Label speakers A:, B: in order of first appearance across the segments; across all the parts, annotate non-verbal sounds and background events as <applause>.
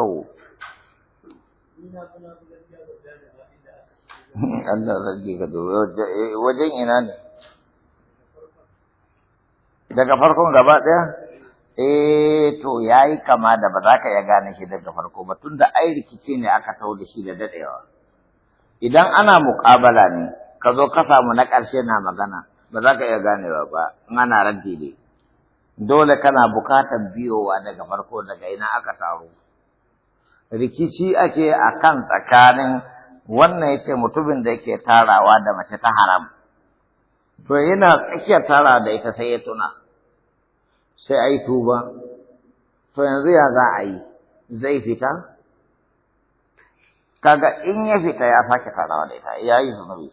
A: kyau <laughs> Allah ka wajen ina ne daga farkon gaba daya eh to yayi kama da ba za ka iya gane shi daga farko ba tunda ai rikici ne aka tau da shi da dadewa idan ana muƙabala ne ka zo ka samu na ƙarshe na magana ba za ka iya ganewa ba in ana raddi ne dole kana bukatar biyowa daga farko daga ina aka taro rikici ake a kan tsakanin wannan ya ce mutumin da yake tarawa da mace ta haram to yana tsakiyar tara da ita sai ya tuna sai a yi tuba to yanzu ya za a yi zai fita kaga in ya fita ya sake tarawa da ita ya yi zunubi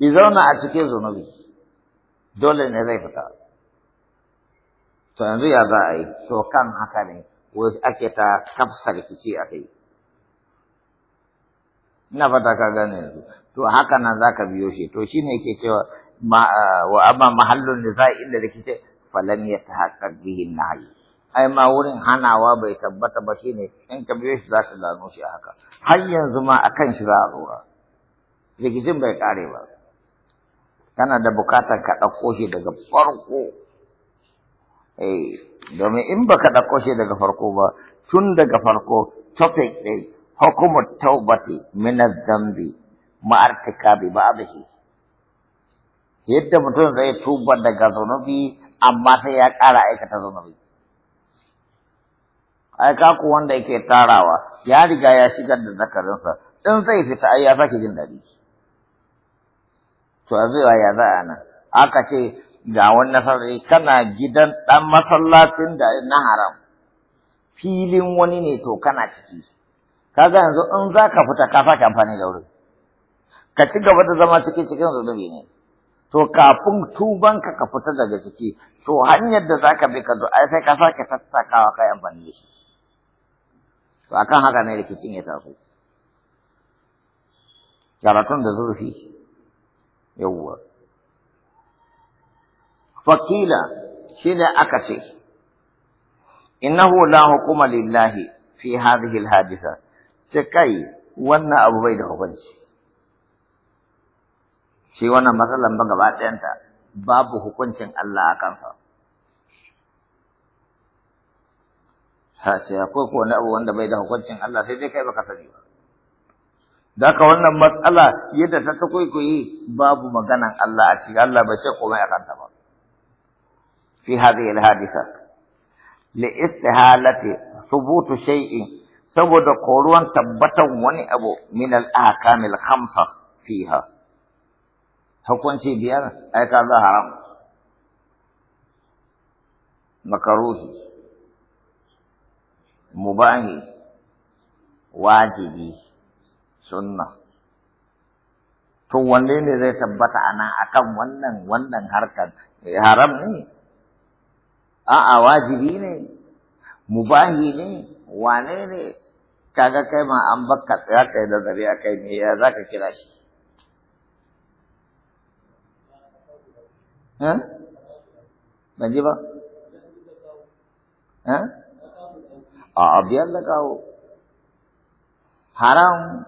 A: i zauna a cikin zunubi dole ne zai fita to yanzu ya za a yi to kan haka ne wasu ake ta kafsa rikici a kai ina fata ka gane yanzu to haka nan ka biyo shi to shine yake cewa wa amma mahallun a inda rikice falam yatahaqqaq bihi nahi ai ma wurin hanawa bai tabbata ba shine in ka biyo shi za zaka gano shi haka har yanzu ma akan shi za a tsora rikicin bai kare ba kana da bukatar ka ɗauko shi daga farko Eh, domin in baka ɗauko shi daga farko ba tun daga farko topic ɗin hukumar taubati mina zambi ma'artika bi ba'dahi yadda mutum zai tuba daga zunubi amma sai ya ƙara aikata zunubi ai kaku wanda yake tarawa ya riga ya shigar da zakarinsa in zai fita ai ya sake jin daɗi to a zai ya za a nan aka ce ga wannan sarari eh, kana gidan ɗan masallacin da na haram filin wani ne to kana ciki kaga yanzu in za ka fita ka sake amfani da wurin ka ci gaba da zama cikin cikin zunubi ne to kafin tuban ka ka fita daga ciki to hanyar da za ka bi ka zo ai sai ka sake tattakawa kai amfani da shi to akan haka ne rikicin ya taso karatun da zurfi yawwa fakila shine aka ce innahu la hukuma lillahi fi hadhihi alhadisa ce kai wannan abu bai da hukunci shi wannan matsalan ba gaba ɗayanta babu hukuncin Allah a kansa ha ce akwai ko wani abu wanda bai da hukuncin Allah sai dai kai baka sani ba Da Daka wannan matsala yadda ta ta kwaikwayi babu maganan Allah a ciki Allah bai ce komai a kanta ba في هذه الحادثة لاستهالة ثبوت شيء سبب قولون تبتا ونأبو من الأحكام الخمسة فيها حكم شيء بيار أي كذا حرام مكروه مباح واجبي سنه to wanne ne zai tabbata a nan a kan wannan wannan harkar haram ne a'a wajibi ne mubahi ne wane ne kaga kai ma an baka tsaya kai da zare a kai me ya zaka kira shi ban ji ba a biyar da kawo haram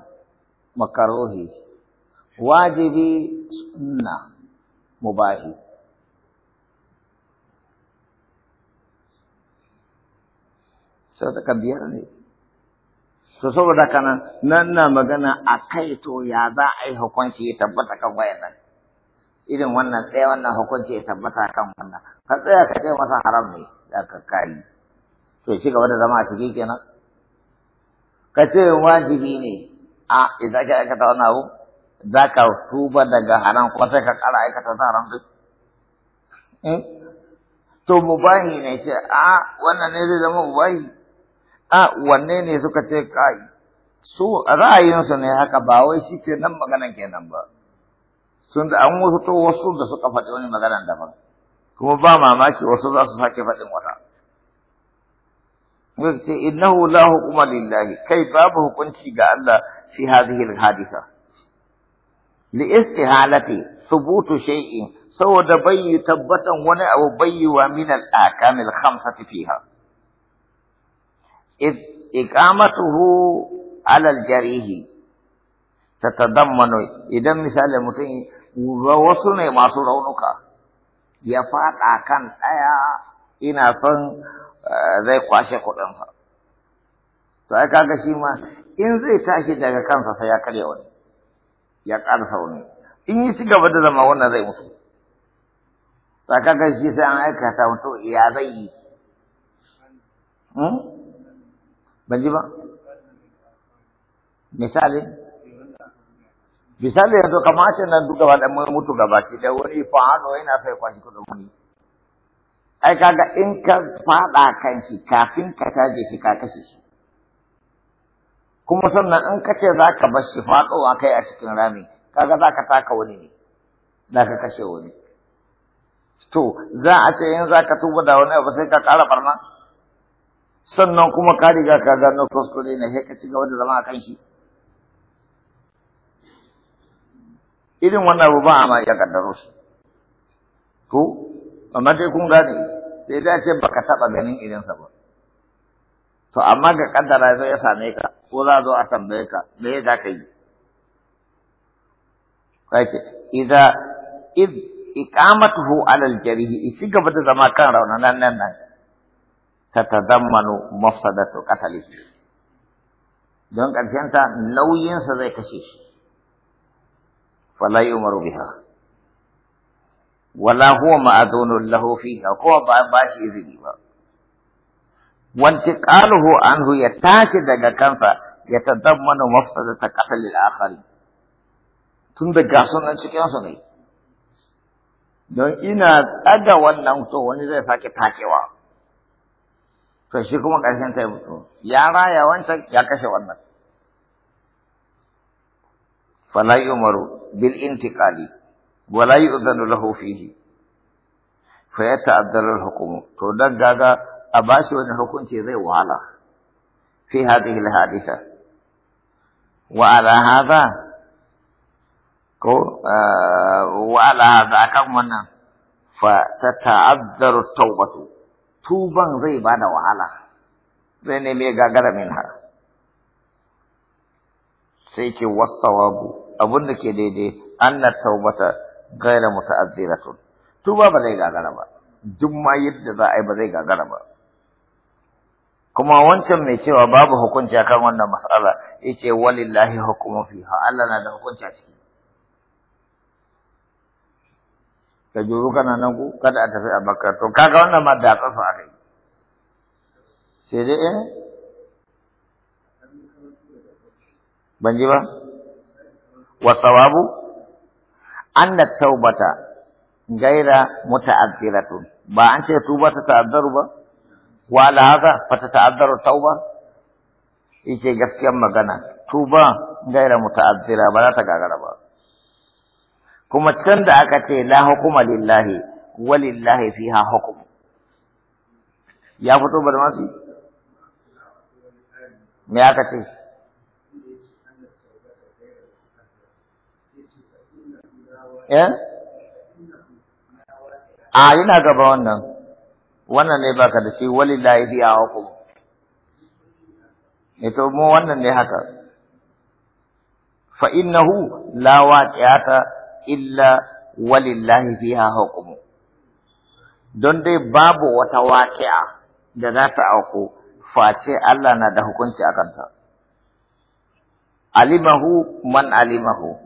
A: makarohi wajibi sunna mubahi sai ta biyar ne to saboda kana nan na magana a kai to ya za a yi hukunci ya tabbata kan wayannan irin wannan tsaye wannan hukunci ya tabbata kan wannan ka tsaya ka kai masa haram ne da ka kari to shi gaba da zama a ciki kenan ka ce wajibi ne a idan ka aikata wani abu za ka tuba daga haram ko sai ka kara aikata ta haram duk eh? to mubahi ne ce a wannan ne zai zama mubahi a wanne ne suka ce kai su ra'ayinsu ne haka ba wai shi ke nan maganan kenan ba sun da an wuto wasu da suka faɗi wani maganan daban kuma ba mamaki wasu za su sake faɗin wata ce innahu la hukuma lillahi kai babu hukunci ga Allah fi hadhihi al-hadisa li istihalati thubutu shay'in saboda bai tabbatan wani abu bayyiwa min al-akamil khamsati fiha إذ إقامته على الجريح تتضمن إذا مثال متين وصلنا ما سرونك يفات أكن أيا إن فن ذي قاشة قرنصا فأكاد شيما إن ذي تاشي daga kansa sai ya karya wani ya ƙarfa wani in yi ci gaba da zama wannan zai mutu ta kaga shi sai an aikata mutu ya zai yi ban ji ba misali misali yanzu kamar ce nan duka ba dan mutu ki da wani fa'ano yana sai kwashi kudin wani ai kaga in ka fada kan shi kafin ka taje shi ka kashe shi kuma sannan in ka ce za ka bar shi faɗowa kai a cikin rami kaga za ka taka wani ne za ka kashe wani to za a ce in za ka tuba da wani abu sai ka ƙara barna sannan kuma ka riga ka gano kuskure na sai ka ci gaba da zama a kan shi irin wannan abu ba a ma iya kaddaro shi to amma dai kun gane sai da ce baka taba ganin irinsa ba to amma ga kaddara zai ya same ka ko za zo a tambaye ka me za ka yi kake idza id iqamatuhu ala al-jarih ci gaba da zama kan raunanan nan nan tatazammanu mafsadatu qatlihi don ƙarshen ta nauyinsa zai kashe shi fala yumaru biha wala huwa ma'adunun lahu fiha ko ba ba shi izini ba وانتقاله عنه يتاشي دقا كنفا يتضمن مفسدة قتل الآخرين tun da gasun nan cikinsu ne don ina ɗaga wannan to wani zai sake takewa to shi kuma ƙarshen ta ya mutu ya raya wancan ya kashe wannan fala yumaru bil intiqali wala yu'dhanu lahu fihi fa yata'addalu al hukumu to dan gaga a bashi wani hukunci zai wahala fi hadhihi al haditha wa ala hadha ko wa ala hadha kan wannan fa tata'addaru tawbatu tuban zai ba da wahala zai neme gagara min har sai ke wasawabu abin da ke daidai na taubata gaira muta'azziratun tuba ba zai gagara ba duk ma yadda za a yi ba zai gagara ba kuma wancan mai cewa babu hukunci akan wannan mas'ala ce walillahi hukumafi fiha na da hukunci a ciki ka juru kana nan ku kada a tafi a makka to kaga wannan ma da a kai sai dai eh ban ji ba wa sawabu anna taubata gaira muta'addiratun ba an ce tuba ta ta'addaru ba wa la haka fa ta ta'addaru tauba yace gaskiyar magana tuba gaira muta'addira ba za ta gagara ba kuma can da aka ce la hukuma lillahi walillahi fiha hukum ya fito barmasi me aka ce eh a yana gaba wannan wannan ne baka da shi walillahi fiha hukum ito eh mu wannan ne haka fa innahu la waqi'ata illa walillahi fiha hukumu don dai babu wata waƙi'a da za ta auku face Allah na da hukunci a kanta alimahu man alimahu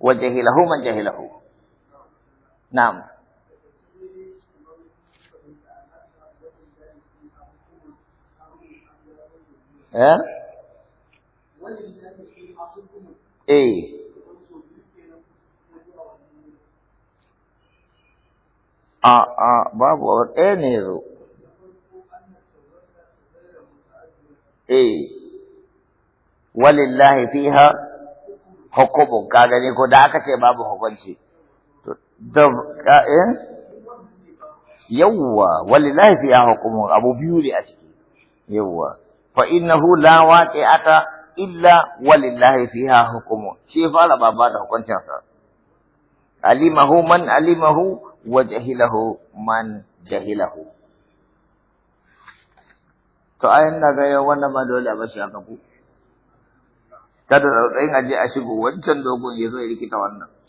A: wa jahilahu man jahilahu na'am eh eh A'a, babu abu ɗaya ne ya zo. walillahi fiha hukumun ka gani ko da aka ce babu hukunci. Da ka'in eh? Yawwa, walillahi fiha hukumun abu biyu ne a ciki. Yawwa, fa innahu la waqi'ata illa walillahi fiha hukumun. Shi fara babu ba da hukuncinsa. alimahu man alimahu wa jahilahu man jahilahu to ayin na ga wannan ma dole a bashi haka ku kada tsautsayin aje a shigo wancan dogon ya zo ya rikita wannan